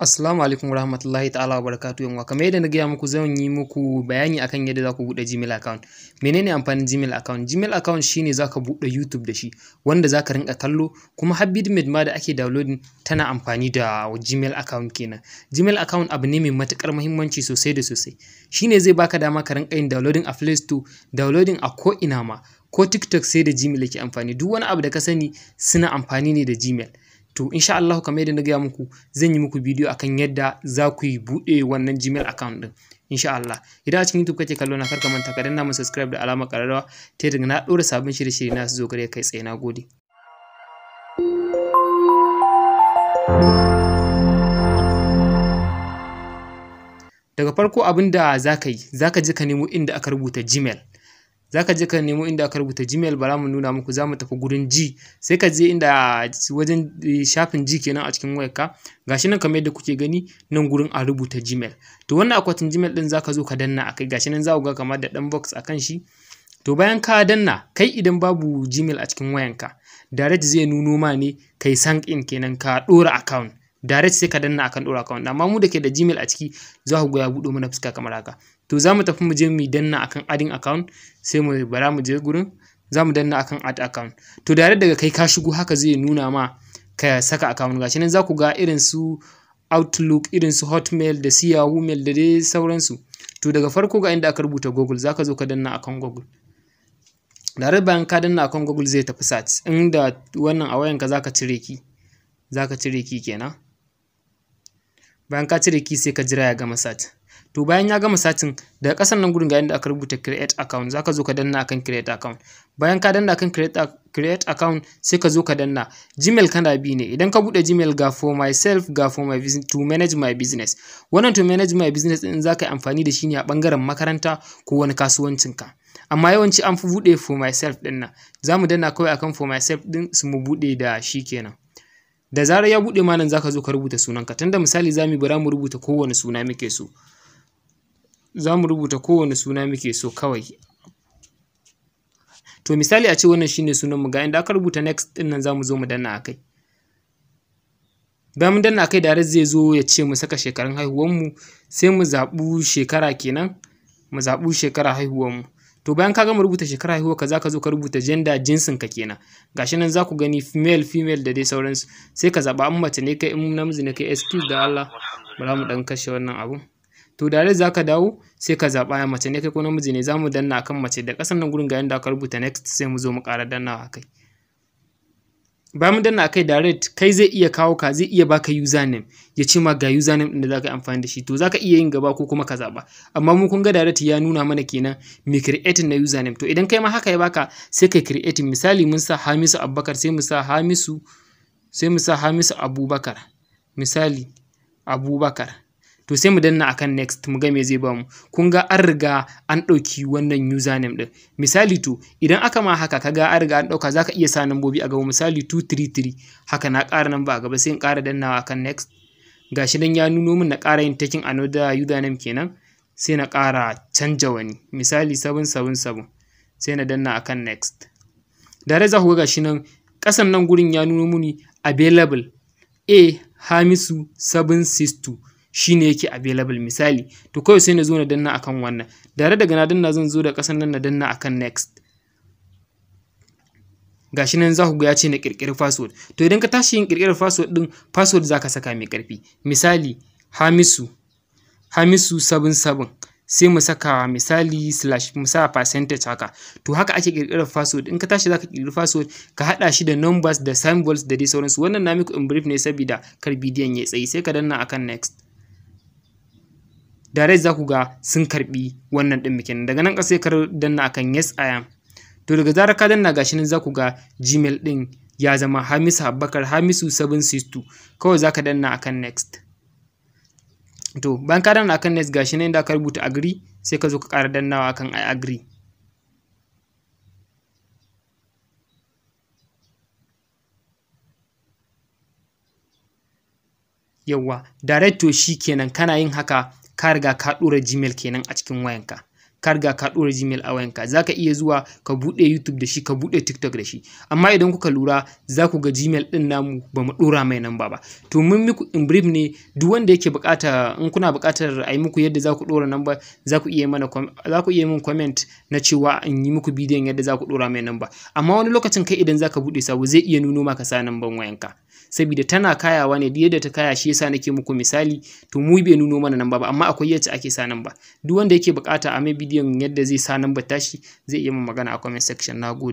Assalamu alaikum warahmatullahi ta'ala wa barakatuh yanwa kamar yadda na gaya muku zan yi muku bayani akan yadda za ku buɗe Gmail account menene amfanin Gmail account Gmail account shine za ka buɗe YouTube da shi wanda za ka rinka kallo kuma har ma da ake downloading tana amfani da Gmail account kenan Gmail account abu ne mai matukar muhimmanci sosai da sosai shine zai baka dama ka rinka yin downloading a Play Store downloading a ko ina ma ko TikTok sai da Gmail yake amfani duk wani abu da ka sani suna amfani ne da Gmail to insha Allah kamar yadda na gaya muku zan yi muku bidiyo akan yadda za ku yi buɗe wannan Gmail account ɗin insha Allah idan a cikin YouTube kake kallo na karka manta ka danna mu subscribe da alama ƙararrawa ta yadda na ɗora sabon shirye-shirye na su zo gare kai tsaye na gode daga farko abin da za ka yi za ka je ka nemo inda aka rubuta gmail za ka je ka nemo inda aka rubuta Gmail ba za mu nuna muku za mu tafi gurin G sai ka je inda wajen eh, shafin G kenan a cikin wayarka gashi nan kamar yadda kuke gani nan gurin a rubuta Gmail to wannan akwatin Gmail din zaka zo ka danna akai gashi nan za ku ga kamar da dan box kan shi to bayan ka danna kai idan babu Gmail a cikin wayanka direct zai nuno ma ne kai sign in kenan ka dora account direct sai ka danna akan dora account amma mu da ke da Gmail a ciki za ku ga ya buɗo mana fuska kamar haka to za mu tafi mu je mu danna akan adding account sai mu bara mu je gurin za mu danna akan add account to da daga kai ka shigo haka zai nuna ma ka saka account gashi nan za ku ga irin su outlook irin su hotmail da su yahoo mail da dai sauransu to daga farko ga inda aka rubuta google za ka zo ka danna akan google da bayan ka danna akan google zai tafi search inda wannan a wayanka za ka cire ki za ka cire ki kenan bayan ka cire ki sai ka jira ya gama search to bayan ya gama satin daga kasan nan gurin ga yadda aka rubuta create account zaka zo ka danna akan create account bayan ka danna akan create, create account sai ka zo ka danna gmail kana bi ne idan ka bude gmail ga for myself ga for my business to manage my business wannan to manage my business din zaka yi amfani da shi ne a bangaren makaranta ko wani kasuwancin ka amma yawanci an fi bude for myself din nan zamu danna kawai akan for myself din su mu bude da shi kenan da zarar ya bude ma nan zaka zo ka rubuta sunanka tunda misali zamu bara mu rubuta kowane suna muke so za mu rubuta kowane suna muke so kawai to misali a ce wannan shine sunan mu ga inda aka rubuta next din nan za mu zo mu danna akai bayan mun danna akai zai zo ya ce mu saka shekarun haihuwar mu sai mu zaɓu shekara kenan mu zaɓu shekara haihuwar mu to bayan ka gama rubuta shekara haihuwa ka zaka zo ka rubuta gender jinsin ka kenan gashi nan za ku gani female female da dai sauransu sai ka zaba in mace ne kai in namiji ne kai excuse da Allah bari mu dan kashe wannan abun to da za ka dawo sai ka zaɓa ya mace ne kai ko namiji ne za mu danna kan mace da ƙasar nan gurin ga yanda aka rubuta next sai mu zo mu ƙara a akai bayan mu danna akai direct kai zai iya kawo ka zai iya baka username ya ce ma ga username ɗin da zaka yi amfani da shi to ka iya yin gaba ko kuma ka zaɓa amma mu kun ga direct ya nuna mana kenan mai creating na username to idan kai ma haka ya baka sai kai creating misali mun sa Hamisu Abubakar sai mu sa Hamisu sai mu sa Hamisu Abubakar misali Abubakar to sai mu danna akan next mu ga me zai bamu kun ga an riga an ɗauki wannan username ɗin misali to idan aka ma haka kaga an riga an ɗauka zaka iya sa nambobi a gaba misali 233 haka na ƙara namba a gaba sai in ƙara dannawa akan next gashi nan ya nuno min na ƙara yin taking another username kenan sai na ƙara canja wani misali 777 sai na danna akan next da rai za ku ga gashi nan ƙasan nan gurin ya nuno muni available a hamisu 762 shi ne yake available misali to kawai sai na zo na danna akan wannan dare daga na danna zan zo da kasan nan na danna akan next gashi nan za ku ga ya ce na kirkiri password to idan ka tashi yin kirkirar password din password za ka saka mai karfi misali hamisu hamisu 77 sai mu saka misali slash mu sa percentage haka to haka ake kirkirar password in ka tashi zaka kirkiri password ka hada shi da numbers da symbols da dai sauransu wannan na miku in brief ne saboda kar bidiyon ya tsayi sai ka danna akan next rai za ku ga sun karbi wannan ɗin kenan daga nan ƙasa ka danna akan yes i am to daga zarar ka danna gashi nan za ku ga gmail ɗin ya zama hamisu habbakar hamisu 762 kawai za ka danna akan next to bayan ka danna akan next gashi nan da ka rubuta agree sai ka zo ka ƙara dannawa akan i agree yawwa direct to shi kenan kana yin haka ka riga ka ɗora Gmail kenan a cikin wayanka ka riga ka ɗora Gmail a wayanka za ka iya zuwa ka buɗe YouTube da shi ka buɗe TikTok da shi amma idan kuka lura za ku ga Gmail ɗin namu ba mu ɗora mai namba ba to mun muku in brief ne duk wanda yake buƙata in kuna buƙatar a yi muku yadda za ku ɗora namba za ku iya mana za ku iya min comment na cewa in yi muku bidiyon yadda za ku ɗora mai namba amma wani lokacin kai idan za ka buɗe sabo zai iya nuno maka sa namban wayanka saboda tana kayawa ne duk yadda ta kaya shi yasa nake muku misali to mu bai nuno mana nan ba amma akwai yadda ake sa nan ba duk wanda yake bukata a mai bidiyon yadda zai sa nan ba tashi zai iya min magana a comment section nagode